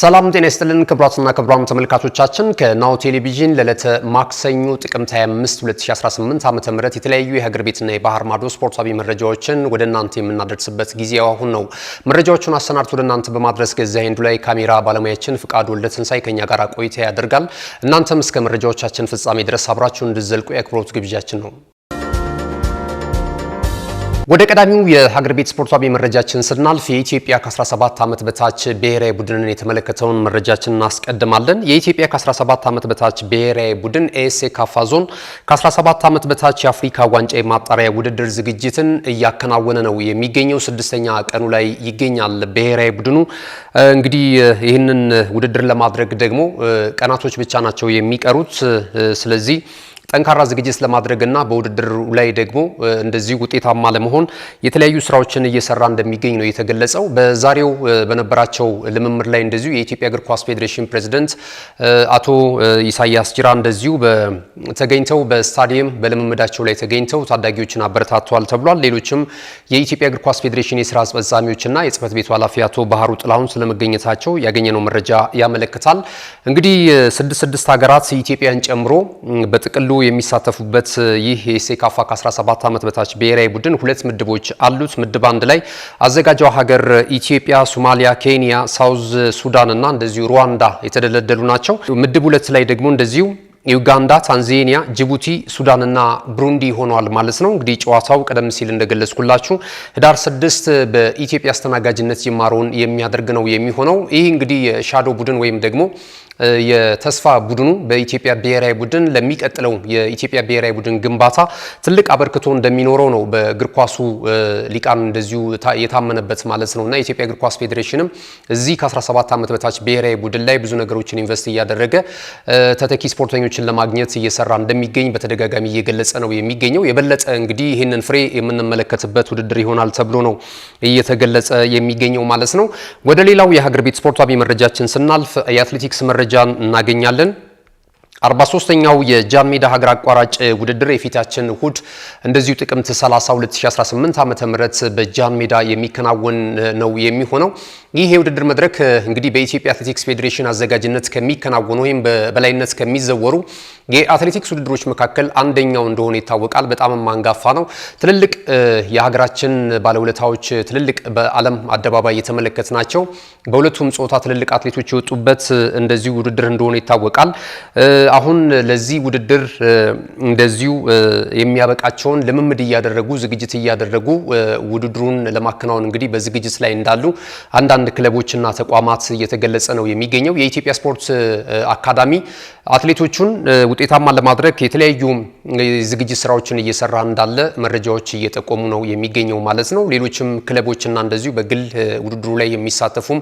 ሰላም ጤና ይስጥልን ክቡራትና ክቡራን ተመልካቾቻችን ከናሁ ቴሌቪዥን ለዕለተ ማክሰኞ ጥቅምት 25 2018 ዓ.ም የተለያዩ የሀገር ቤትና የባህር ማዶ ስፖርታዊ መረጃዎችን ወደ እናንተ የምናደርስበት ጊዜ አሁን ነው። መረጃዎቹን አሰናድቶ ወደ እናንተ በማድረስ ገዛ ሄንዱ ላይ ካሜራ ባለሙያችን ፍቃድ ወልደ ትንሳኤ ከኛ ጋር ቆይታ ያደርጋል። እናንተም እስከ መረጃዎቻችን ፍጻሜ ድረስ አብራችሁ እንድዘልቁ የአክብሮት ግብዣችን ነው። ወደ ቀዳሚው የሀገር ቤት ስፖርታዊ መረጃችን ስናልፍ የኢትዮጵያ ከ17 ዓመት በታች ብሔራዊ ቡድንን የተመለከተውን መረጃችን እናስቀድማለን። የኢትዮጵያ ከ17 ዓመት በታች ብሔራዊ ቡድን ኤስኤ ካፋ ዞን ከ17 ዓመት በታች የአፍሪካ ዋንጫ የማጣሪያ ውድድር ዝግጅትን እያከናወነ ነው የሚገኘው። ስድስተኛ ቀኑ ላይ ይገኛል ብሔራዊ ቡድኑ። እንግዲህ ይህንን ውድድር ለማድረግ ደግሞ ቀናቶች ብቻ ናቸው የሚቀሩት። ስለዚህ ጠንካራ ዝግጅት ለማድረግና በውድድሩ ላይ ደግሞ እንደዚህ ውጤታማ ለመሆን የተለያዩ ስራዎችን እየሰራ እንደሚገኝ ነው የተገለጸው። በዛሬው በነበራቸው ልምምድ ላይ እንደዚሁ የኢትዮጵያ እግር ኳስ ፌዴሬሽን ፕሬዚደንት አቶ ኢሳያስ ጅራ እንደዚሁ ተገኝተው በስታዲየም በልምምዳቸው ላይ ተገኝተው ታዳጊዎችን አበረታተዋል ተብሏል። ሌሎችም የኢትዮጵያ እግር ኳስ ፌዴሬሽን የስራ አስፈጻሚዎችና የጽህፈት ቤቱ ኃላፊ አቶ ባህሩ ጥላሁን ስለመገኘታቸው ያገኘነው መረጃ ያመለክታል። እንግዲህ ስድስት ስድስት ሀገራት ኢትዮጵያን ጨምሮ በጥቅሉ የሚሳተፉበት ይህ የሴካፋ ከ17 ዓመት በታች ብሔራዊ ቡድን ሁለት ምድቦች አሉት። ምድብ አንድ ላይ አዘጋጇ ሀገር ኢትዮጵያ፣ ሶማሊያ፣ ኬንያ፣ ሳውዝ ሱዳን እና እንደዚሁ ሩዋንዳ የተደለደሉ ናቸው። ምድብ ሁለት ላይ ደግሞ እንደዚሁ ዩጋንዳ፣ ታንዛኒያ፣ ጅቡቲ፣ ሱዳንና ብሩንዲ ሆኗል ማለት ነው። እንግዲህ ጨዋታው ቀደም ሲል እንደገለጽኩላችሁ ህዳር ስድስት በኢትዮጵያ አስተናጋጅነት ጅማሮውን የሚያደርግ ነው የሚሆነው። ይህ እንግዲህ የሻዶ ቡድን ወይም ደግሞ የተስፋ ቡድኑ በኢትዮጵያ ብሔራዊ ቡድን ለሚቀጥለው የኢትዮጵያ ብሔራዊ ቡድን ግንባታ ትልቅ አበርክቶ እንደሚኖረው ነው በእግር ኳሱ ሊቃን እንደዚሁ የታመነበት ማለት ነው እና የኢትዮጵያ እግር ኳስ ፌዴሬሽንም እዚህ ከ17 ዓመት በታች ብሔራዊ ቡድን ላይ ብዙ ነገሮችን ኢንቨስት እያደረገ ተተኪ ስፖርተኞችን ለማግኘት እየሰራ እንደሚገኝ በተደጋጋሚ እየገለጸ ነው የሚገኘው። የበለጠ እንግዲህ ይህንን ፍሬ የምንመለከትበት ውድድር ይሆናል ተብሎ ነው እየተገለጸ የሚገኘው ማለት ነው። ወደ ሌላው የሀገር ቤት ስፖርታዊ መረጃችን ስናልፍ የአትሌቲክስ መረጃ መረጃን እናገኛለን። 43ኛው የጃን ሜዳ ሀገር አቋራጭ ውድድር የፊታችን እሁድ እንደዚሁ ጥቅምት 30 2018 ም በጃን ሜዳ የሚከናወን ነው የሚሆነው። ይህ የውድድር መድረክ እንግዲህ በኢትዮጵያ አትሌቲክስ ፌዴሬሽን አዘጋጅነት ከሚከናወኑ ወይም በላይነት ከሚዘወሩ የአትሌቲክስ ውድድሮች መካከል አንደኛው እንደሆነ ይታወቃል። በጣም አንጋፋ ነው። ትልልቅ የሀገራችን ባለውለታዎች ትልልቅ በዓለም አደባባይ የተመለከት ናቸው። በሁለቱም ጾታ ትልልቅ አትሌቶች የወጡበት እንደዚሁ ውድድር እንደሆነ ይታወቃል። አሁን ለዚህ ውድድር እንደዚሁ የሚያበቃቸውን ልምምድ እያደረጉ ዝግጅት እያደረጉ ውድድሩን ለማከናወን እንግዲህ በዝግጅት ላይ እንዳሉ አንዳንድ አንዳንድ ክለቦችና ተቋማት እየተገለጸ ነው የሚገኘው። የኢትዮጵያ ስፖርት አካዳሚ አትሌቶቹን ውጤታማ ለማድረግ የተለያዩ ዝግጅት ስራዎችን እየሰራ እንዳለ መረጃዎች እየጠቆሙ ነው የሚገኘው ማለት ነው። ሌሎችም ክለቦችና እንደዚሁ በግል ውድድሩ ላይ የሚሳተፉም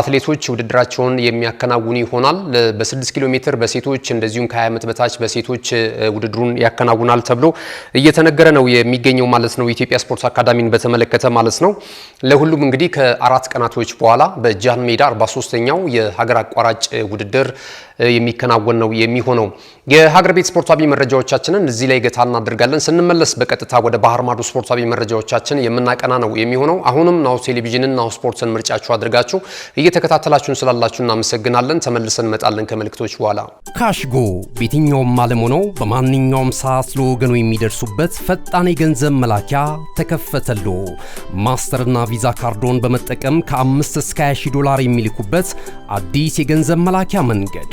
አትሌቶች ውድድራቸውን የሚያከናውኑ ይሆናል። በ6 ኪሎ ሜትር በሴቶች እንደዚሁም ከ20 ዓመት በታች በሴቶች ውድድሩን ያከናውናል ተብሎ እየተነገረ ነው የሚገኘው ማለት ነው። የኢትዮጵያ ስፖርት አካዳሚን በተመለከተ ማለት ነው። ለሁሉም እንግዲህ ከአራት ቀናቶች በኋላ በጃን ሜዳ 43ኛው የሀገር አቋራጭ ውድድር የሚከናወን ነው ነው የሚሆነው። የሀገር ቤት ስፖርታዊ መረጃዎቻችንን እዚህ ላይ ገታ እናደርጋለን። ስንመለስ በቀጥታ ወደ ባህር ማዶ ስፖርታዊ መረጃዎቻችን የምናቀና ነው የሚሆነው። አሁንም ናሁ ቴሌቪዥንን ናሁ ስፖርትን ምርጫችሁ አድርጋችሁ እየተከታተላችሁን ስላላችሁ እናመሰግናለን። ተመልሰን እንመጣለን ከመልክቶች በኋላ። ካሽጎ በየትኛውም ዓለም ሆነው በማንኛውም ሰዓት ለወገኑ የሚደርሱበት ፈጣን የገንዘብ መላኪያ ተከፈተሉ። ማስተርና ቪዛ ካርዶን በመጠቀም ከ5 እስከ 20 ዶላር የሚልኩበት አዲስ የገንዘብ መላኪያ መንገድ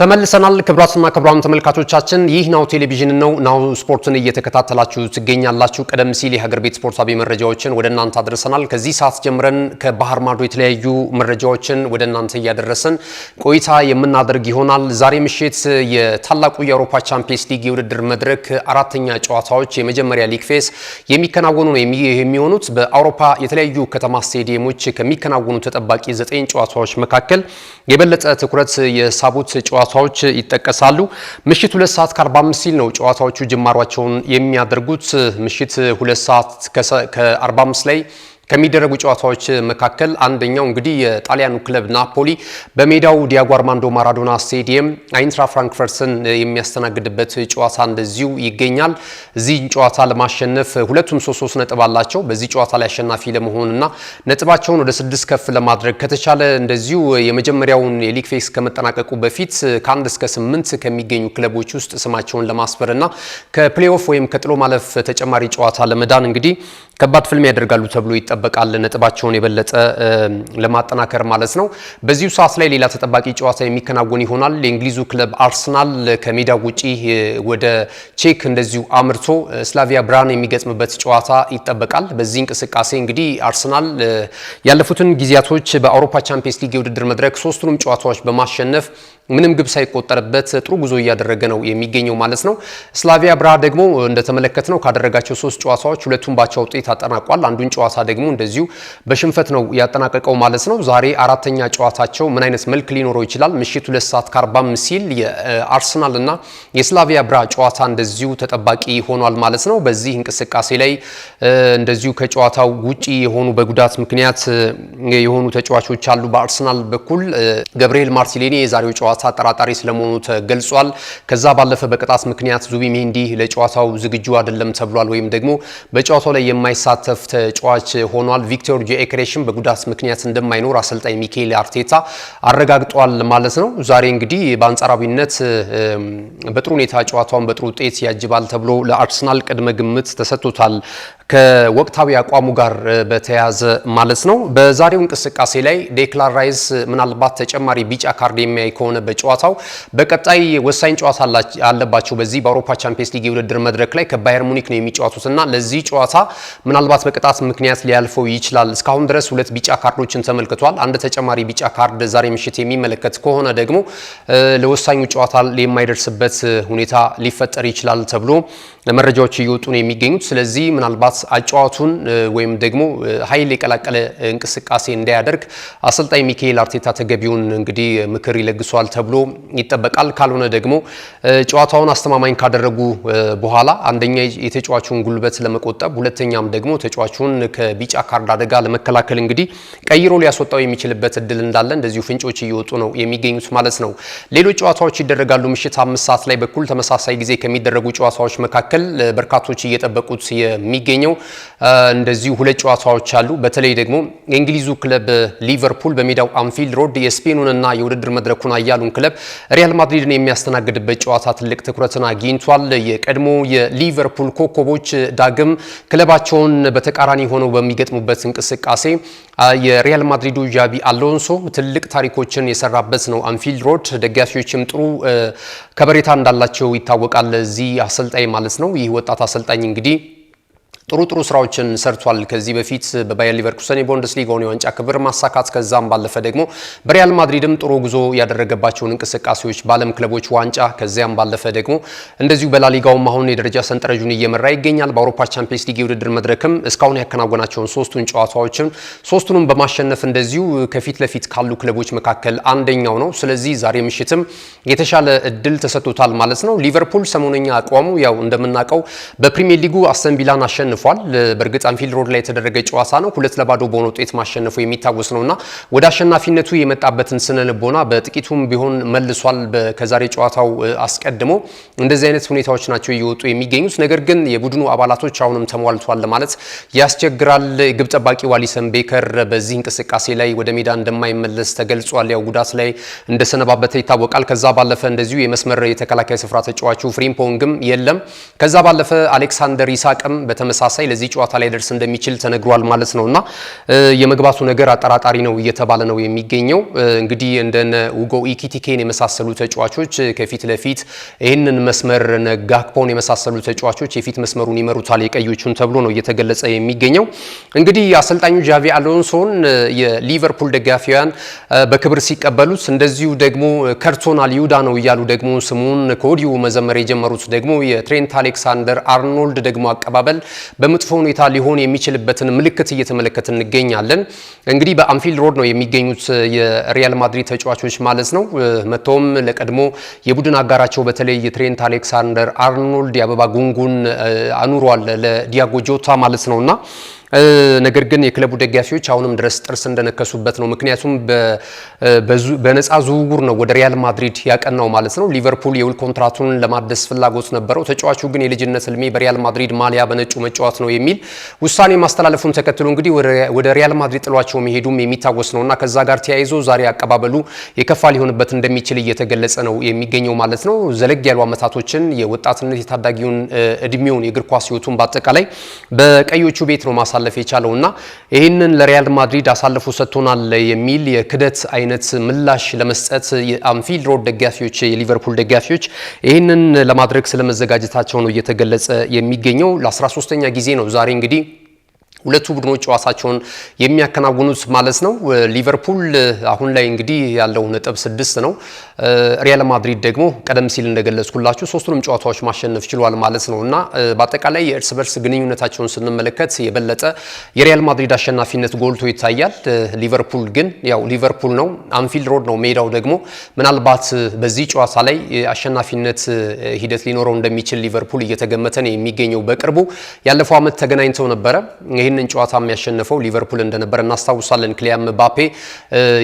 ተመልሰናል። ክቡራትና ክቡራን ተመልካቾቻችን ይህ ናሁ ቴሌቪዥን ነው። ናሁ ስፖርትን እየተከታተላችሁ ትገኛላችሁ። ቀደም ሲል የሀገር ቤት ስፖርታዊ መረጃዎችን ወደ እናንተ አድርሰናል። ከዚህ ሰዓት ጀምረን ከባህር ማዶ የተለያዩ መረጃዎችን ወደ እናንተ እያደረሰን ቆይታ የምናደርግ ይሆናል። ዛሬ ምሽት የታላቁ የአውሮፓ ቻምፒየንስ ሊግ የውድድር መድረክ አራተኛ ጨዋታዎች የመጀመሪያ ሊግ ፌስ የሚከናወኑ ነው የሚሆኑት። በአውሮፓ የተለያዩ ከተማ ስቴዲየሞች ከሚከናወኑ ተጠባቂ ዘጠኝ ጨዋታዎች መካከል የበለጠ ትኩረት የሳቡት ጨዋታ ጨዋታዎች ይጠቀሳሉ። ምሽት 2 ሰዓት ከ45 ሲል ነው ጨዋታዎቹ ጅማሯቸውን የሚያደርጉት። ምሽት 2 ሰዓት ከ45 ላይ ከሚደረጉ ጨዋታዎች መካከል አንደኛው እንግዲህ የጣሊያኑ ክለብ ናፖሊ በሜዳው ዲያጎ አርማንዶ ማራዶና ስቴዲየም አይንትራ ፍራንክፈርትን የሚያስተናግድበት ጨዋታ እንደዚሁ ይገኛል። እዚህ ጨዋታ ለማሸነፍ ሁለቱም ሶስት ሶስት ነጥብ አላቸው። በዚህ ጨዋታ ላይ አሸናፊ ለመሆንና ነጥባቸውን ወደ ስድስት ከፍ ለማድረግ ከተቻለ እንደዚሁ የመጀመሪያውን የሊግ ፌስ ከመጠናቀቁ በፊት ከአንድ እስከ ስምንት ከሚገኙ ክለቦች ውስጥ ስማቸውን ለማስፈርና ከፕሌኦፍ ወይም ከጥሎ ማለፍ ተጨማሪ ጨዋታ ለመዳን እንግዲህ ከባድ ፍልም ያደርጋሉ ተብሎ ይጠበቃል። ነጥባቸውን የበለጠ ለማጠናከር ማለት ነው። በዚሁ ሰዓት ላይ ሌላ ተጠባቂ ጨዋታ የሚከናወን ይሆናል። የእንግሊዙ ክለብ አርሰናል ከሜዳ ውጪ ወደ ቼክ እንደዚሁ አምርቶ ስላቪያ ብራን የሚገጥምበት ጨዋታ ይጠበቃል። በዚህ እንቅስቃሴ እንግዲህ አርሰናል ያለፉትን ጊዜያቶች በአውሮፓ ቻምፒየንስ ሊግ የውድድር መድረክ ሶስቱንም ጨዋታዎች በማሸነፍ ምንም ግብ ሳይቆጠርበት ጥሩ ጉዞ እያደረገ ነው የሚገኘው ማለት ነው። ስላቪያ ብራ ደግሞ እንደተመለከት ነው ካደረጋቸው ሶስት ጨዋታዎች ሁለቱም ባቻ ውጤት ተጠናቋል። አንዱን ጨዋታ ደግሞ እንደዚሁ በሽንፈት ነው ያጠናቀቀው ማለት ነው። ዛሬ አራተኛ ጨዋታቸው ምን አይነት መልክ ሊኖረው ይችላል? ምሽት ሁለት ሰዓት 45 ሲል የአርሰናል እና የስላቪያ ብራ ጨዋታ እንደዚሁ ተጠባቂ ሆኗል ማለት ነው። በዚህ እንቅስቃሴ ላይ እንደዚሁ ከጨዋታው ውጪ የሆኑ በጉዳት ምክንያት የሆኑ ተጫዋቾች አሉ። በአርሰናል በኩል ገብርኤል ማርቲኔሊ የዛሬው ጨዋታ ጠራጣሪ ስለመሆኑ ተገልጿል። ከዛ ባለፈ በቅጣት ምክንያት ዙቢ ሜንዲ ለጨዋታው ዝግጁ አይደለም ተብሏል። ወይም ደግሞ በጨዋታው ላይ የማይ የሚሳተፍ ተጫዋች ሆኗል። ቪክቶር ጊዮኬሬሽም በጉዳት ምክንያት እንደማይኖር አሰልጣኝ ሚካኤል አርቴታ አረጋግጧል ማለት ነው። ዛሬ እንግዲህ በአንጻራዊነት በጥሩ ሁኔታ ጨዋታውን በጥሩ ውጤት ያጅባል ተብሎ ለአርሰናል ቅድመ ግምት ተሰጥቶታል። ከወቅታዊ አቋሙ ጋር በተያያዘ ማለት ነው። በዛሬው እንቅስቃሴ ላይ ዴክላን ራይስ ምናልባት ተጨማሪ ቢጫ ካርድ የሚያይ ከሆነ በጨዋታው በቀጣይ ወሳኝ ጨዋታ አለባቸው። በዚህ በአውሮፓ ቻምፒየንስ ሊግ የውድድር መድረክ ላይ ከባየር ሙኒክ ነው የሚጫወቱት እና ለዚህ ጨዋታ ምናልባት በቅጣት ምክንያት ሊያልፈው ይችላል። እስካሁን ድረስ ሁለት ቢጫ ካርዶችን ተመልክቷል። አንድ ተጨማሪ ቢጫ ካርድ ዛሬ ምሽት የሚመለከት ከሆነ ደግሞ ለወሳኙ ጨዋታ የማይደርስበት ሁኔታ ሊፈጠር ይችላል ተብሎ መረጃዎች እየወጡ ነው የሚገኙት። ስለዚህ ምናልባት አጫዋቱን ወይም ደግሞ ኃይል የቀላቀለ እንቅስቃሴ እንዳያደርግ አሰልጣኝ ሚካኤል አርቴታ ተገቢውን እንግዲህ ምክር ይለግሷል ተብሎ ይጠበቃል። ካልሆነ ደግሞ ጨዋታውን አስተማማኝ ካደረጉ በኋላ አንደኛ የተጫዋቹን ጉልበት ለመቆጠብ ሁለተኛም ደግሞ ተጫዋቹን ከቢጫ ካርድ አደጋ ለመከላከል እንግዲህ ቀይሮ ሊያስወጣው የሚችልበት እድል እንዳለ እንደዚሁ ፍንጮች እየወጡ ነው የሚገኙት ማለት ነው። ሌሎች ጨዋታዎች ይደረጋሉ። ምሽት አምስት ሰዓት ላይ በኩል ተመሳሳይ ጊዜ ከሚደረጉ ጨዋታዎች መካከል በርካቶች እየጠበቁት የሚገኘው እንደዚሁ ሁለት ጨዋታዎች አሉ። በተለይ ደግሞ የእንግሊዙ ክለብ ሊቨርፑል በሜዳው አንፊልድ ሮድ የስፔኑንና የውድድር መድረኩን አያሉን ክለብ ሪያል ማድሪድን የሚያስተናግድበት ጨዋታ ትልቅ ትኩረትን አግኝቷል። የቀድሞ የሊቨርፑል ኮከቦች ዳግም ክለባቸው ጨዋታቸውን በተቃራኒ ሆነው በሚገጥሙበት እንቅስቃሴ የሪያል ማድሪዱ ጃቢ አሎንሶ ትልቅ ታሪኮችን የሰራበት ነው አንፊልድ ሮድ። ደጋፊዎችም ጥሩ ከበሬታ እንዳላቸው ይታወቃል። እዚህ አሰልጣኝ ማለት ነው። ይህ ወጣት አሰልጣኝ እንግዲህ ጥሩ ጥሩ ስራዎችን ሰርቷል። ከዚህ በፊት በባየር ሊቨርኩሰን የቡንደስሊጋውን የዋንጫ ክብር ማሳካት ከዛም ባለፈ ደግሞ በሪያል ማድሪድም ጥሩ ጉዞ ያደረገባቸውን እንቅስቃሴዎች በዓለም ክለቦች ዋንጫ ከዚያም ባለፈ ደግሞ እንደዚሁ በላሊጋውም አሁን የደረጃ ሰንጠረዡን እየመራ ይገኛል። በአውሮፓ ቻምፒየንስ ሊግ የውድድር መድረክም እስካሁን ያከናወናቸውን ሶስቱን ጨዋታዎችን ሶስቱንም በማሸነፍ እንደዚሁ ከፊት ለፊት ካሉ ክለቦች መካከል አንደኛው ነው። ስለዚህ ዛሬ ምሽትም የተሻለ እድል ተሰጥቶታል ማለት ነው። ሊቨርፑል ሰሞነኛ አቋሙ ያው እንደምናውቀው በፕሪሚየር ሊጉ አስተን ቪላን አሸንፏል። በእርግጥ አንፊልድ ሮድ ላይ የተደረገ ጨዋታ ነው። ሁለት ለባዶ በሆነ ውጤት ማሸነፉ የሚታወስ ነውና ወደ አሸናፊነቱ የመጣበትን ስነ ልቦና በጥቂቱም ቢሆን መልሷል። ከዛሬ ጨዋታው አስቀድሞ እንደዚህ አይነት ሁኔታዎች ናቸው እየወጡ የሚገኙት። ነገር ግን የቡድኑ አባላቶች አሁንም ተሟልቷል ማለት ያስቸግራል። ግብ ጠባቂ ዋሊሰን ቤከር በዚህ እንቅስቃሴ ላይ ወደ ሜዳ እንደማይመለስ ተገልጿል። ያው ጉዳት ላይ እንደሰነባበተ ይታወቃል። ከዛ ባለፈ እንደዚሁ የመስመር የተከላካይ ስፍራ ተጫዋቹ ፍሪምፖንግም የለም። ከዛ ባለፈ አሌክሳንደር ይሳቅም በተመሳሳይ ተመሳሳይ ለዚህ ጨዋታ ላይ ደርስ እንደሚችል ተነግሯል ማለት ነውና የመግባቱ ነገር አጠራጣሪ ነው እየተባለ ነው የሚገኘው። እንግዲህ እንደነ ውጎ ኢኪቲኬን የመሳሰሉ ተጫዋቾች ከፊት ለፊት ይህንን መስመር ነጋክፖን የመሳሰሉ ተጫዋቾች የፊት መስመሩን ይመሩታል የቀዮቹን ተብሎ ነው እየተገለጸ የሚገኘው። እንግዲህ አሰልጣኙ ጃቪ አሎንሶን የሊቨርፑል ደጋፊያን በክብር ሲቀበሉት፣ እንደዚሁ ደግሞ ከርቶናል ይሁዳ ነው እያሉ ደግሞ ስሙን ከወዲሁ መዘመር የጀመሩት ደግሞ የትሬንት አሌክሳንደር አርኖልድ ደግሞ አቀባበል በመጥፎ ሁኔታ ሊሆን የሚችልበትን ምልክት እየተመለከት እንገኛለን። እንግዲህ በአንፊልድ ሮድ ነው የሚገኙት የሪያል ማድሪድ ተጫዋቾች ማለት ነው። መጥተውም ለቀድሞ የቡድን አጋራቸው በተለይ የትሬንት አሌክሳንደር አርኖልድ የአበባ ጉንጉን አኑሯል ለዲያጎ ጆታ ማለት ነውና ነገር ግን የክለቡ ደጋፊዎች አሁንም ድረስ ጥርስ እንደነከሱበት ነው። ምክንያቱም በነፃ ዝውውር ነው ወደ ሪያል ማድሪድ ያቀናው ማለት ነው። ሊቨርፑል የውል ኮንትራቱን ለማደስ ፍላጎት ነበረው። ተጫዋቹ ግን የልጅነት ህልሜ በሪያል ማድሪድ ማሊያ በነጩ መጫወት ነው የሚል ውሳኔ ማስተላለፉን ተከትሎ እንግዲህ ወደ ሪያል ማድሪድ ጥሏቸው መሄዱም የሚታወስ እና ከዛ ጋር ተያይዞ ዛሬ አቀባበሉ የከፋ ሊሆንበት እንደሚችል እየተገለጸ ነው የሚገኘው ማለት ነው። ዘለግ ያሉ አመታቶችን የወጣትነት የታዳጊውን እድሜውን የእግር ኳስ ህይወቱን በአጠቃላይ በቀዮቹ ቤት ነው ማሳ ማሳለፍ የቻለው እና ይህንን ለሪያል ማድሪድ አሳልፎ ሰጥቶናል የሚል የክደት አይነት ምላሽ ለመስጠት የአንፊልድ ሮድ ደጋፊዎች፣ የሊቨርፑል ደጋፊዎች ይህንን ለማድረግ ስለመዘጋጀታቸው ነው እየተገለጸ የሚገኘው። ለ13ኛ ጊዜ ነው ዛሬ እንግዲህ ሁለቱ ቡድኖች ጨዋታቸውን የሚያከናውኑት ማለት ነው። ሊቨርፑል አሁን ላይ እንግዲህ ያለው ነጥብ ስድስት ነው። ሪያል ማድሪድ ደግሞ ቀደም ሲል እንደገለጽኩላችሁ ሶስቱንም ጨዋታዎች ማሸነፍ ችሏል ማለት ነው እና በአጠቃላይ የእርስ በርስ ግንኙነታቸውን ስንመለከት የበለጠ የሪያል ማድሪድ አሸናፊነት ጎልቶ ይታያል። ሊቨርፑል ግን ያው ሊቨርፑል ነው፣ አንፊልድ ሮድ ነው ሜዳው ደግሞ ምናልባት በዚህ ጨዋታ ላይ አሸናፊነት ሂደት ሊኖረው እንደሚችል ሊቨርፑል እየተገመተ ነው የሚገኘው። በቅርቡ ያለፈው ዓመት ተገናኝተው ነበረ ይህንን ጨዋታ የሚያሸንፈው ሊቨርፑል እንደነበር እናስታውሳለን። ክሊያም ምባፔ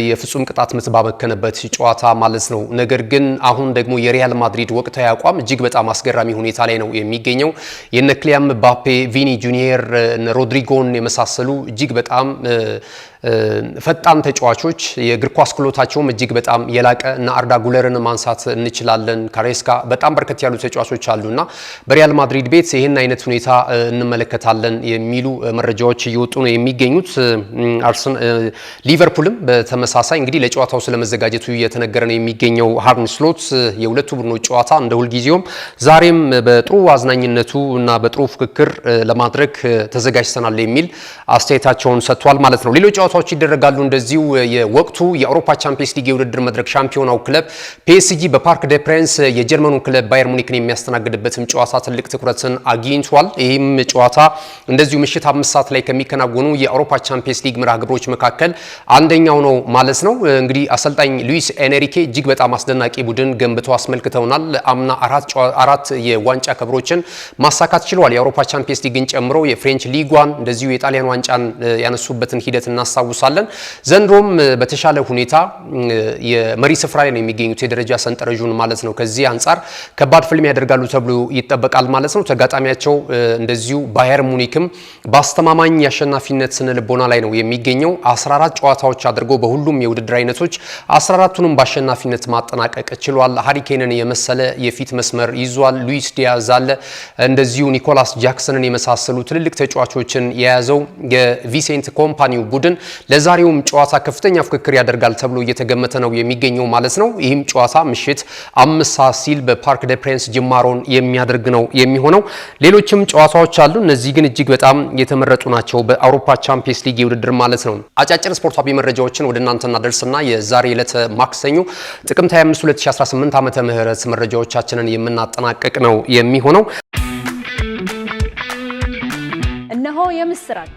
የፍጹም ቅጣት ምት ባመከነበት ጨዋታ ማለት ነው። ነገር ግን አሁን ደግሞ የሪያል ማድሪድ ወቅታዊ አቋም እጅግ በጣም አስገራሚ ሁኔታ ላይ ነው የሚገኘው። የነ ክሊያም ምባፔ፣ ቪኒ ጁኒየር፣ ሮድሪጎን የመሳሰሉ እጅግ በጣም ፈጣን ተጫዋቾች የእግር ኳስ ክህሎታቸውም እጅግ በጣም የላቀ እና አርዳ ጉለርን ማንሳት እንችላለን። ካሬስካ በጣም በርከት ያሉ ተጫዋቾች አሉና በሪያል ማድሪድ ቤት ይህን አይነት ሁኔታ እንመለከታለን የሚሉ መረጃዎች እየወጡ ነው የሚገኙት። ሊቨርፑልም በተመሳሳይ እንግዲህ ለጨዋታው ስለመዘጋጀቱ እየተነገረ ነው የሚገኘው። ሃርን ስሎት የሁለቱ ቡድኖች ጨዋታ እንደ ሁልጊዜውም ዛሬም በጥሩ አዝናኝነቱ እና በጥሩ ፍክክር ለማድረግ ተዘጋጅተናል የሚል አስተያየታቸውን ሰጥቷል ማለት ነው ሌሎች ጨዋታዎች ይደረጋሉ። እንደዚሁ የወቅቱ የአውሮፓ ቻምፒየንስ ሊግ የውድድር መድረክ ሻምፒዮናው ክለብ ፒኤስጂ በፓርክ ደ ፕሬንስ የጀርመኑን ክለብ ባየር ሙኒክን የሚያስተናግድበትም ጨዋታ ትልቅ ትኩረትን አግኝቷል። ይህም ጨዋታ እንደዚሁ ምሽት አምስት ሰዓት ላይ ከሚከናወኑ የአውሮፓ ቻምፒየንስ ሊግ መርሃ ግብሮች መካከል አንደኛው ነው ማለት ነው። እንግዲህ አሰልጣኝ ሉዊስ ኤንሪኬ እጅግ በጣም አስደናቂ ቡድን ገንብቶ አስመልክተውናል። አምና አራት የዋንጫ ክብሮችን ማሳካት ችሏል። የአውሮፓ ቻምፒየንስ ሊግን ጨምሮ የፍሬንች ሊጓን እንደዚሁ የጣሊያን ዋንጫን ያነሱበትን ሂደት እናስ እናስታውሳለን። ዘንድሮም በተሻለ ሁኔታ የመሪ ስፍራ ላይ ነው የሚገኙት የደረጃ ሰንጠረዡን ማለት ነው። ከዚህ አንጻር ከባድ ፍልሚያ ያደርጋሉ ተብሎ ይጠበቃል ማለት ነው። ተጋጣሚያቸው እንደዚሁ ባየር ሙኒክም በአስተማማኝ የአሸናፊነት ስነ ልቦና ላይ ነው የሚገኘው። 14 ጨዋታዎች አድርጎ በሁሉም የውድድር አይነቶች 14ቱንም በአሸናፊነት ማጠናቀቅ ችሏል። ሀሪኬንን የመሰለ የፊት መስመር ይዟል። ሉዊስ ዲያዝ አለ፣ እንደዚሁ ኒኮላስ ጃክሰንን የመሳሰሉ ትልልቅ ተጫዋቾችን የያዘው የቪሴንት ኮምፓኒው ቡድን ለዛሬውም ጨዋታ ከፍተኛ ፍክክር ያደርጋል ተብሎ እየተገመተ ነው የሚገኘው ማለት ነው። ይህም ጨዋታ ምሽት አምስት ሰዓት ሲል በፓርክ ደ ፕሬንስ ጅማሮን የሚያደርግ ነው የሚሆነው። ሌሎችም ጨዋታዎች አሉ። እነዚህ ግን እጅግ በጣም የተመረጡ ናቸው በአውሮፓ ቻምፒየንስ ሊግ የውድድር ማለት ነው። አጫጭር ስፖርታዊ መረጃዎችን ወደ እናንተ እናደርስና የዛሬ ዕለተ ማክሰኞ ጥቅምት 25 2018 ዓመተ ምህረት መረጃዎቻችንን የምናጠናቀቅ ነው የሚሆነው። እነሆ የምስራች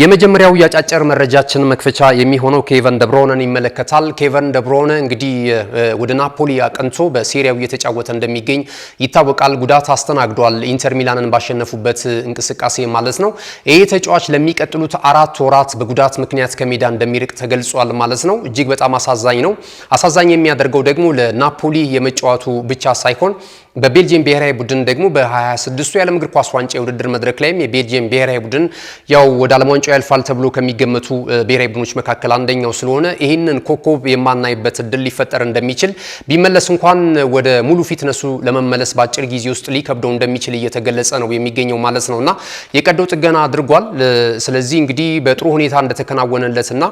የመጀመሪያው ያጫጭር መረጃችን መክፈቻ የሚሆነው ኬቨን ደብሮነን ይመለከታል። ኬቨን ደብሮነ እንግዲህ ወደ ናፖሊ አቅንቶ በሴሪያው እየተጫወተ እንደሚገኝ ይታወቃል። ጉዳት አስተናግዷል፣ ኢንተር ሚላንን ባሸነፉበት እንቅስቃሴ ማለት ነው። ይህ ተጫዋች ለሚቀጥሉት አራት ወራት በጉዳት ምክንያት ከሜዳ እንደሚርቅ ተገልጿል ማለት ነው። እጅግ በጣም አሳዛኝ ነው። አሳዛኝ የሚያደርገው ደግሞ ለናፖሊ የመጫወቱ ብቻ ሳይሆን በቤልጅየም ብሔራዊ ቡድን ደግሞ በ26ቱ የዓለም እግር ኳስ ዋንጫ የውድድር መድረክ ላይም የቤልጅየም ብሔራዊ ቡድን ያው ወደ ዓለም ዋንጫው ያልፋል ተብሎ ከሚገመቱ ብሔራዊ ቡድኖች መካከል አንደኛው ስለሆነ ይህንን ኮከብ የማናይበት እድል ሊፈጠር እንደሚችል ቢመለስ እንኳን ወደ ሙሉ ፊትነሱ ለመመለስ በአጭር ጊዜ ውስጥ ሊከብደው እንደሚችል እየተገለጸ ነው የሚገኘው ማለት ነው እና የቀዶ ጥገና አድርጓል። ስለዚህ እንግዲህ በጥሩ ሁኔታ እንደተከናወነለትና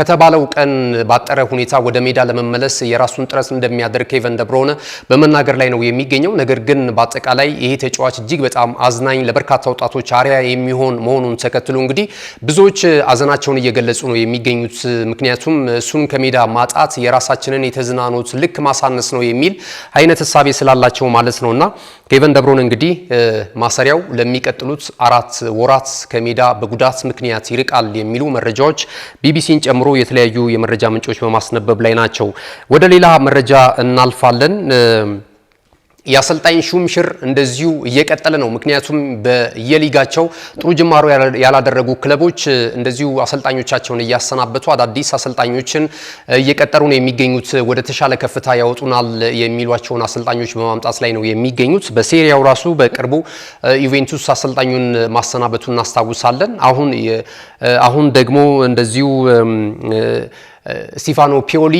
ከተባለው ቀን ባጠረ ሁኔታ ወደ ሜዳ ለመመለስ የራሱን ጥረት እንደሚያደርግ ኬቨን ደብሮነ በመናገር ላይ ነው የሚገ የሚገኘው። ነገር ግን በአጠቃላይ ይሄ ተጫዋች እጅግ በጣም አዝናኝ፣ ለበርካታ ወጣቶች አርያ የሚሆን መሆኑን ተከትሎ እንግዲህ ብዙዎች አዘናቸውን እየገለጹ ነው የሚገኙት። ምክንያቱም እሱን ከሜዳ ማጣት የራሳችንን የተዝናኖት ልክ ማሳነስ ነው የሚል አይነት ህሳቤ ስላላቸው ማለት ነው እና ኬቨን ደብሮን እንግዲህ ማሰሪያው ለሚቀጥሉት አራት ወራት ከሜዳ በጉዳት ምክንያት ይርቃል የሚሉ መረጃዎች ቢቢሲን ጨምሮ የተለያዩ የመረጃ ምንጮች በማስነበብ ላይ ናቸው። ወደ ሌላ መረጃ እናልፋለን። የአሰልጣኝ ሹምሽር እንደዚሁ እየቀጠለ ነው። ምክንያቱም በየሊጋቸው ጥሩ ጅማሮ ያላደረጉ ክለቦች እንደዚሁ አሰልጣኞቻቸውን እያሰናበቱ አዳዲስ አሰልጣኞችን እየቀጠሩ ነው የሚገኙት። ወደ ተሻለ ከፍታ ያወጡናል የሚሏቸውን አሰልጣኞች በማምጣት ላይ ነው የሚገኙት። በሴሪያው ራሱ በቅርቡ ዩቬንቱስ አሰልጣኙን ማሰናበቱ እናስታውሳለን። አሁን አሁን ደግሞ እንደዚሁ ስቲፋኖ ፒዮሊ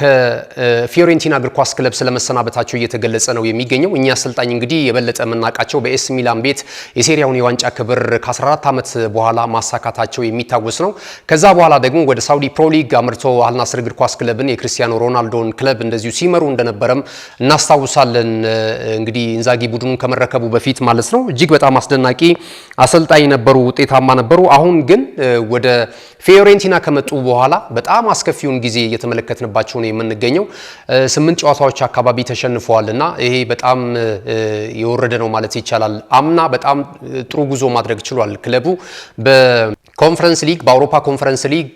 ከፊዮሬንቲና እግር ኳስ ክለብ ስለመሰናበታቸው እየተገለጸ ነው የሚገኘው። እኛ አሰልጣኝ እንግዲህ የበለጠ የምናውቃቸው በኤስ ሚላን ቤት የሴሪያውን የዋንጫ ክብር ከ14 ዓመት በኋላ ማሳካታቸው የሚታወስ ነው። ከዛ በኋላ ደግሞ ወደ ሳውዲ ፕሮሊግ አምርቶ አልናስር እግር ኳስ ክለብን የክርስቲያኖ ሮናልዶን ክለብ እንደዚሁ ሲመሩ እንደነበረም እናስታውሳለን። እንግዲህ እንዛጊ ቡድኑን ከመረከቡ በፊት ማለት ነው። እጅግ በጣም አስደናቂ አሰልጣኝ ነበሩ፣ ውጤታማ ነበሩ። አሁን ግን ወደ ፊዮሬንቲና ከመጡ በኋላ በጣም አስከፊውን ጊዜ እየተመለከትንባቸው ነው የምንገኘው። ስምንት ጨዋታዎች አካባቢ ተሸንፈዋል እና ይሄ በጣም የወረደ ነው ማለት ይቻላል። አምና በጣም ጥሩ ጉዞ ማድረግ ችሏል ክለቡ ኮንፈረንስ ሊግ በአውሮፓ ኮንፈረንስ ሊግ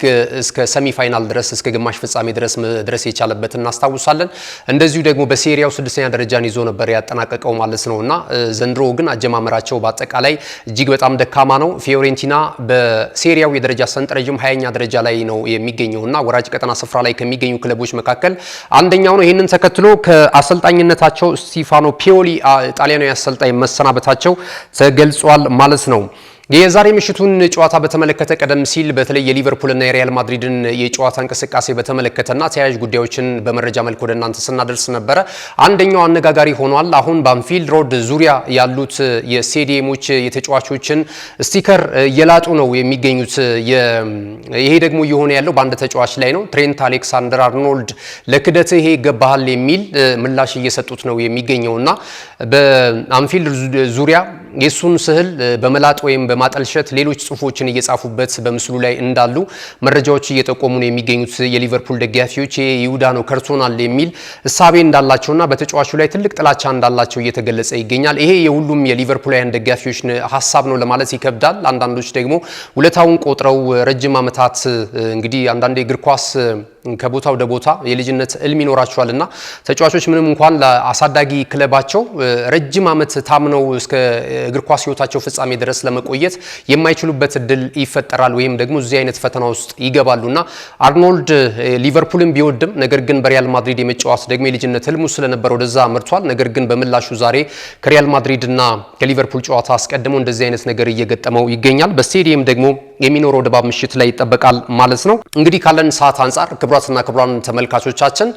እስከ ሰሚ ፋይናል ድረስ እስከ ግማሽ ፍጻሜ ድረስ መድረስ የቻለበት እናስታውሳለን። እንደዚሁ ደግሞ በሴሪያው ስድስተኛ ደረጃን ይዞ ነበር ያጠናቀቀው ማለት ነው እና ዘንድሮ ግን አጀማመራቸው በአጠቃላይ እጅግ በጣም ደካማ ነው። ፊዮሬንቲና በሴሪያው የደረጃ ሰንጠረዥም ሀያኛ ደረጃ ላይ ነው የሚገኘው እና ወራጅ ቀጠና ስፍራ ላይ ከሚገኙ ክለቦች መካከል አንደኛው ነው። ይህንን ተከትሎ ከአሰልጣኝነታቸው ስቲፋኖ ፒዮሊ ጣሊያናዊ አሰልጣኝ መሰናበታቸው ተገልጿል ማለት ነው። የዛሬ ምሽቱን ጨዋታ በተመለከተ ቀደም ሲል በተለይ የሊቨርፑልና የሪያል ማድሪድን የጨዋታ እንቅስቃሴ በተመለከተና ተያያዥ ጉዳዮችን በመረጃ መልክ ወደ እናንተ ስናደርስ ነበረ። አንደኛው አነጋጋሪ ሆኗል። አሁን በአንፊልድ ሮድ ዙሪያ ያሉት የስቴዲየሞች የተጫዋቾችን ስቲከር እየላጡ ነው የሚገኙት። ይሄ ደግሞ እየሆነ ያለው በአንድ ተጫዋች ላይ ነው። ትሬንት አሌክሳንደር አርኖልድ ለክደት ይሄ ይገባሃል የሚል ምላሽ እየሰጡት ነው የሚገኘውና በአንፊልድ ዙሪያ የእሱን ስዕል በመላጥ ወይም በማጠልሸት ሌሎች ጽሁፎችን እየጻፉበት በምስሉ ላይ እንዳሉ መረጃዎች እየጠቆሙ ነው የሚገኙት። የሊቨርፑል ደጋፊዎች ይሁዳ ነው ከርቶናል የሚል እሳቤ እንዳላቸውና በተጫዋቹ ላይ ትልቅ ጥላቻ እንዳላቸው እየተገለጸ ይገኛል። ይሄ የሁሉም የሊቨርፑላውያን ደጋፊዎች ሀሳብ ነው ለማለት ይከብዳል። አንዳንዶች ደግሞ ውለታውን ቆጥረው ረጅም ዓመታት እንግዲህ አንዳንዴ እግር ኳስ ከቦታ ወደ ቦታ የልጅነት እልም ይኖራቸዋል እና ተጫዋቾች ምንም እንኳን ለአሳዳጊ ክለባቸው ረጅም ዓመት ታምነው እስከ እግር ኳስ ሕይወታቸው ፍጻሜ ድረስ ለመቆየት የማይችሉበት እድል ይፈጠራል ወይም ደግሞ እዚህ አይነት ፈተና ውስጥ ይገባሉ አርኖልድ ሊቨርፑልን ቢወድም ነገር ግን በሪያል ማድሪድ የመጫወት ደግሞ የልጅነት እልሙ ስለነበረ ወደዛ ምርቷል ነገር ግን በምላሹ ዛሬ ከሪያል ማድሪድ ና ከሊቨርፑል ጨዋታ አስቀድሞ እንደዚህ አይነት ነገር እየገጠመው ይገኛል። በስቴዲየም ደግሞ የሚኖረው ድባብ ምሽት ላይ ይጠበቃል ማለት ነው። እንግዲህ ካለን ሰዓት አንጻር ክቡራትና ክቡራን ተመልካቾቻችን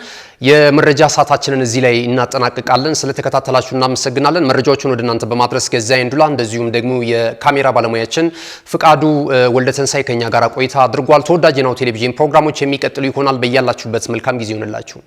የመረጃ ሰዓታችንን እዚህ ላይ እናጠናቅቃለን። ስለተከታተላችሁ እናመሰግናለን። መረጃዎቹን ወደ እናንተ በማድረስ ገዛ ንዱላ እንደዚሁም ደግሞ የካሜራ ባለሙያችን ፍቃዱ ወልደተንሳይ ከኛ ጋር ቆይታ አድርጓል። ተወዳጅ ናሁ ቴሌቪዥን ፕሮግራሞች የሚቀጥሉ ይሆናል። በያላችሁበት መልካም ጊዜ ይሆንላችሁ።